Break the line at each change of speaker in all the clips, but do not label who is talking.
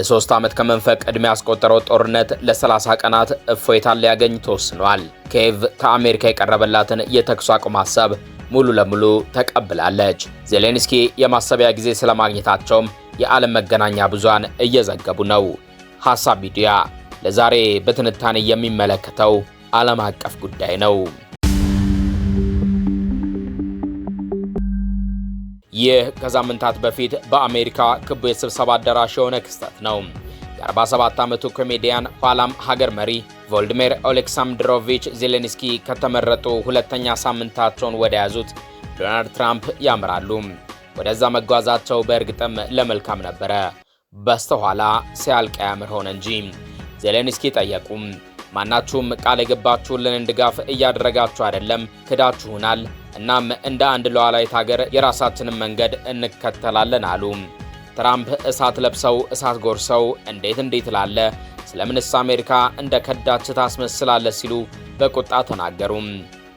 የሶስት ዓመት ከመንፈቅ ዕድሜ ያስቆጠረው ጦርነት ለ30 ቀናት እፎይታን ሊያገኝ ተወስኗል። ኬቭ ከአሜሪካ የቀረበላትን የተኩስ አቁም ሀሳብ ሙሉ ለሙሉ ተቀብላለች። ዜሌንስኪ የማሰቢያ ጊዜ ስለማግኘታቸውም የዓለም መገናኛ ብዙሃን እየዘገቡ ነው። ሀሳብ ሚዲያ ለዛሬ በትንታኔ የሚመለከተው ዓለም አቀፍ ጉዳይ ነው። ይህ ከሳምንታት በፊት በአሜሪካ ክቡ የስብሰባ አዳራሽ የሆነ ክስተት ነው። የ47 ዓመቱ ኮሜዲያን ኋላም ሀገር መሪ ቮልድሜር ኦሌክሳንድሮቪች ዜሌንስኪ ከተመረጡ ሁለተኛ ሳምንታቸውን ወደ ያዙት ዶናልድ ትራምፕ ያምራሉ። ወደዛ መጓዛቸው በእርግጥም ለመልካም ነበረ። በስተኋላ ሲያልቅ ያምር ሆነ እንጂ ዜሌንስኪ ጠየቁም። ማናችሁም ቃል የገባችሁልንን ድጋፍ እያደረጋችሁ አይደለም፣ ክዳችሁናል እናም እንደ አንድ ሉዓላዊት ሀገር የራሳችንን መንገድ እንከተላለን አሉ። ትራምፕ እሳት ለብሰው እሳት ጎርሰው እንዴት እንዴት ላለ ስለምንስ አሜሪካ እንደ ከዳች ታስመስላለ ሲሉ በቁጣ ተናገሩም።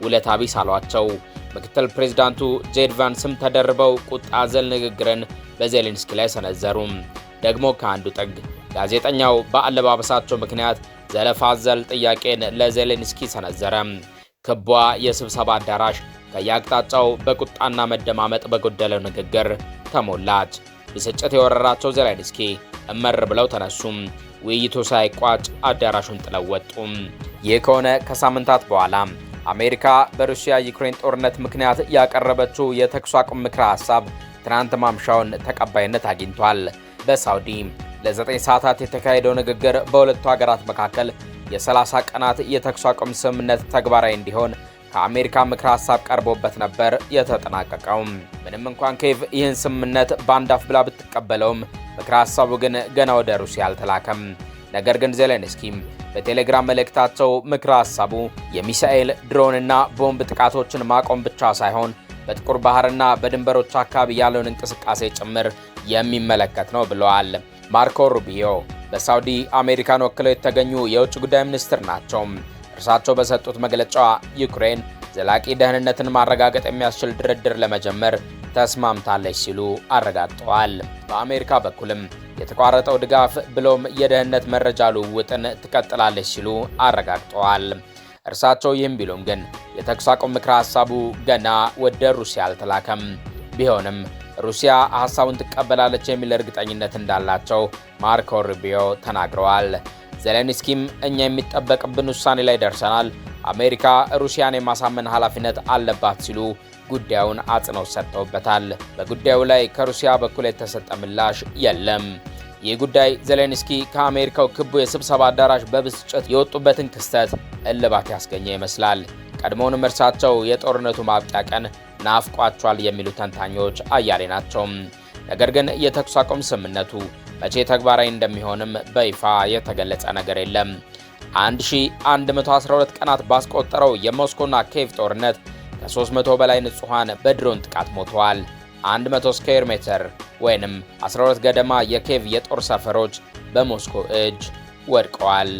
ውለታ ቢስ አሏቸው። ምክትል ፕሬዚዳንቱ ጄድ ቫንስም ተደርበው ቁጣ አዘል ንግግርን በዜሌንስኪ ላይ ሰነዘሩ ደግሞ ከአንዱ ጥግ ጋዜጠኛው በአለባበሳቸው ምክንያት ዘለፋ አዘል ጥያቄን ለዜሌንስኪ ሰነዘረ። ክቧ የስብሰባ አዳራሽ ከየአቅጣጫው በቁጣና መደማመጥ በጎደለው ንግግር ተሞላች። ብስጭት የወረራቸው ዜሌንስኪ እመር ብለው ተነሱም። ውይይቱ ሳይቋጭ አዳራሹን ጥለው ወጡም። ይህ ከሆነ ከሳምንታት በኋላ አሜሪካ በሩሲያ ዩክሬን ጦርነት ምክንያት ያቀረበችው የተኩስ አቁም ምክረ ሀሳብ ትናንት ማምሻውን ተቀባይነት አግኝቷል። በሳውዲ ለ9 ሰዓታት የተካሄደው ንግግር በሁለቱ ሀገራት መካከል የ30 ቀናት የተኩስ አቁም ስምምነት ተግባራዊ እንዲሆን ከአሜሪካ ምክር ሀሳብ ቀርቦበት ነበር የተጠናቀቀው። ምንም እንኳን ኬቭ ይህን ስምምነት በአንድ አፍ ብላ ብትቀበለውም ምክር ሀሳቡ ግን ገና ወደ ሩሲያ አልተላከም። ነገር ግን ዜሌንስኪ በቴሌግራም መልእክታቸው ምክር ሀሳቡ የሚሳኤል ድሮንና ቦምብ ጥቃቶችን ማቆም ብቻ ሳይሆን በጥቁር ባህርና በድንበሮች አካባቢ ያለውን እንቅስቃሴ ጭምር የሚመለከት ነው ብለዋል። ማርኮ ሩቢዮ በሳውዲ አሜሪካን ወክለው የተገኙ የውጭ ጉዳይ ሚኒስትር ናቸው። እርሳቸው በሰጡት መግለጫ ዩክሬን ዘላቂ ደህንነትን ማረጋገጥ የሚያስችል ድርድር ለመጀመር ተስማምታለች ሲሉ አረጋግጠዋል። በአሜሪካ በኩልም የተቋረጠው ድጋፍ ብሎም የደህንነት መረጃ ልውውጥን ትቀጥላለች ሲሉ አረጋግጠዋል። እርሳቸው ይህም ቢሉም ግን የተኩስ አቁም ምክረ ሀሳቡ ገና ወደ ሩሲያ አልተላከም። ቢሆንም ሩሲያ ሀሳቡን ትቀበላለች የሚል እርግጠኝነት እንዳላቸው ማርኮ ሩቢዮ ተናግረዋል። ዘለንስኪም እኛ የሚጠበቅብን ውሳኔ ላይ ደርሰናል፣ አሜሪካ ሩሲያን የማሳመን ኃላፊነት አለባት ሲሉ ጉዳዩን አጽንኦት ሰጥተውበታል። በጉዳዩ ላይ ከሩሲያ በኩል የተሰጠ ምላሽ የለም። ይህ ጉዳይ ዜሌንስኪ ከአሜሪካው ክቡ የስብሰባ አዳራሽ በብስጭት የወጡበትን ክስተት እልባት ያስገኘ ይመስላል። ቀድሞውንም እርሳቸው የጦርነቱ ማብቂያ ቀን ናፍቋቸዋል የሚሉ ተንታኞች አያሌ ናቸው። ነገር ግን የተኩስ አቁም ስምምነቱ መቼ ተግባራዊ እንደሚሆንም በይፋ የተገለጸ ነገር የለም። 1112 ቀናት ባስቆጠረው የሞስኮና ኬቭ ጦርነት ከ300 በላይ ንጹሐን በድሮን ጥቃት ሞተዋል። 100 ስኩዌር ሜትር ወይንም 12 ገደማ የኬቭ የጦር ሰፈሮች በሞስኮ እጅ ወድቀዋል።